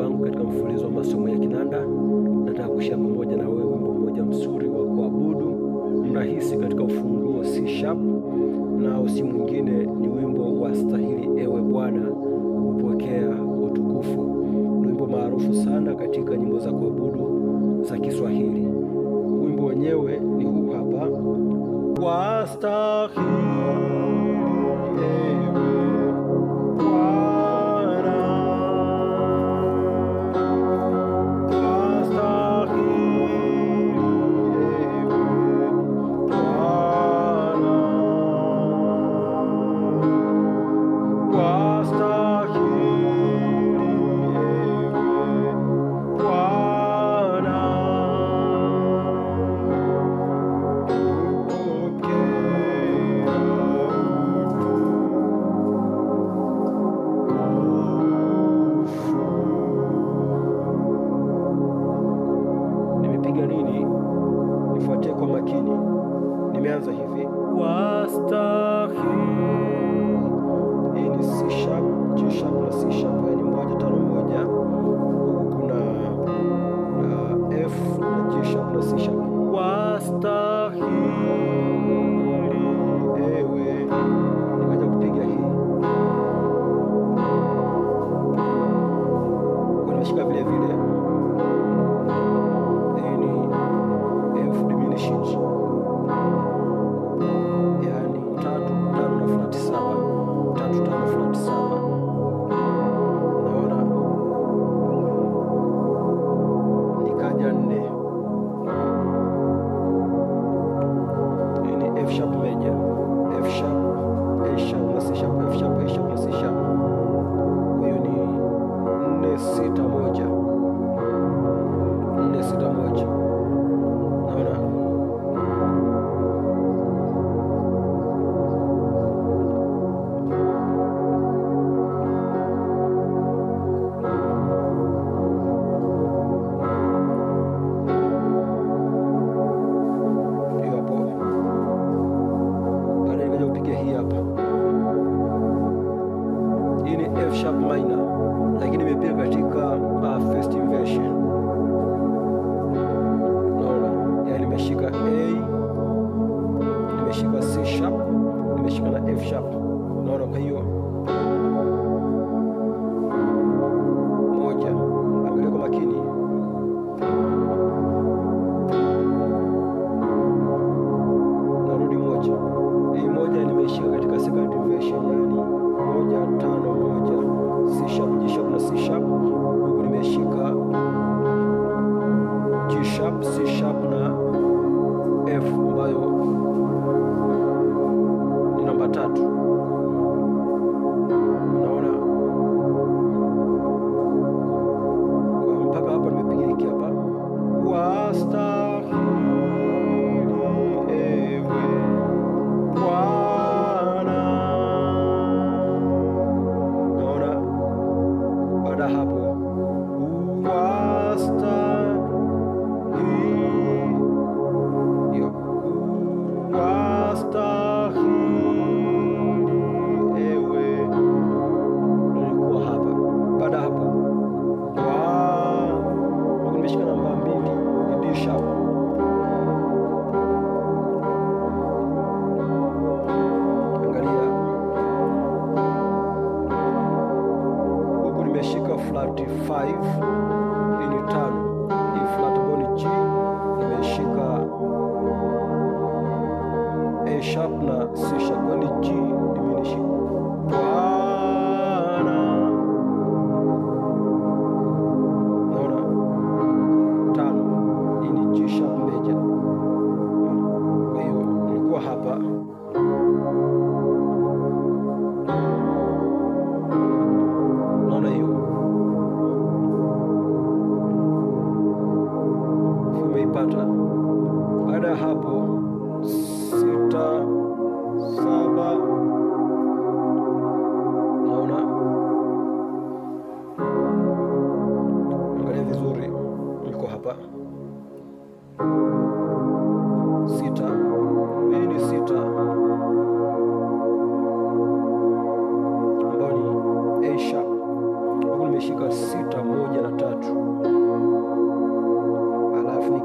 wangu katika mfululizo wa masomo ya kinanda. Nataka kushia pamoja na wewe wimbo mmoja mzuri wa kuabudu mrahisi katika ufunguo C sharp, na usi mwingine ni wimbo wa Stahili Ewe Bwana Kupokea Utukufu. Ni wimbo maarufu sana katika nyimbo za kuabudu za Kiswahili. Wimbo wenyewe ni huu hapa: wastahili 哎呦！life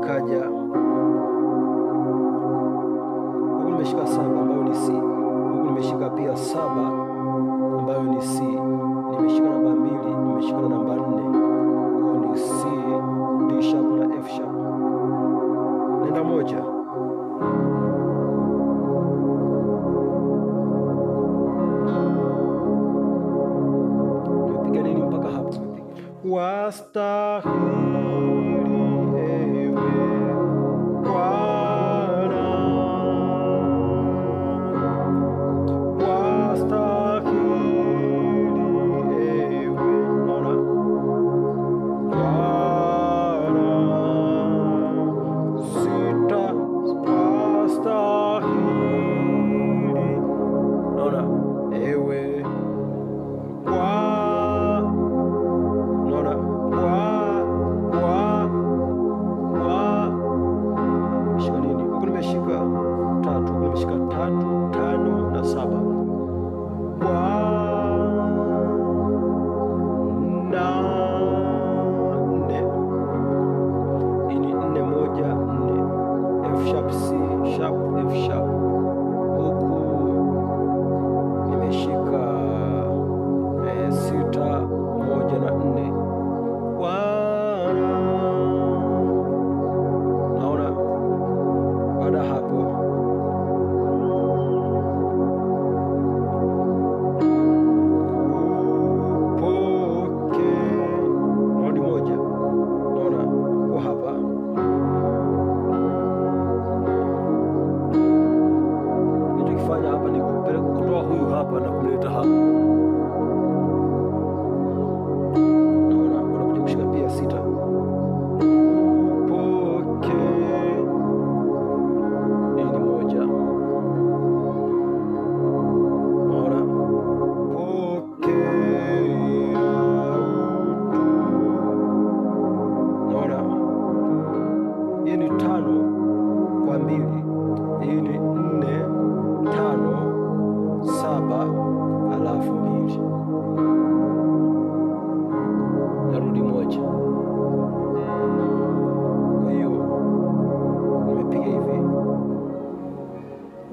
ukaja huku nimeshika saba ambayo ni C, huku nimeshika pia saba ambayo ni C, nimeshika namba mbili, nimeshika na namba nne, huko ni C, D sharp na F sharp. Nenda moja nimepiga nini mpaka hapo, wastahili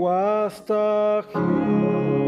Quasta here.